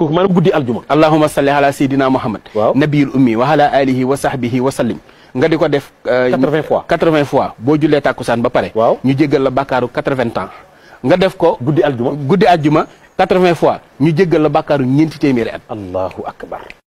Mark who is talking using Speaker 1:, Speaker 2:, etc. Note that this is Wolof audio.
Speaker 1: kooku maanaam guddi aljuma allahuma salli ala sayyidina muhammad waaw nabiil ummi wa ala alihi wa sahbihi wa sallim nga di ko def euh, quatre-vingts fois quatre-vingts fois boo jullee tàkkusaan ba pare waaw ñu jéggal la bàkkaaru quatre-vingts ans nga def ko guddi aljuma guddi aljuma quatre-vingts fois ñu jéggal la bakaaru ñeenti téeméeri at allahu akbar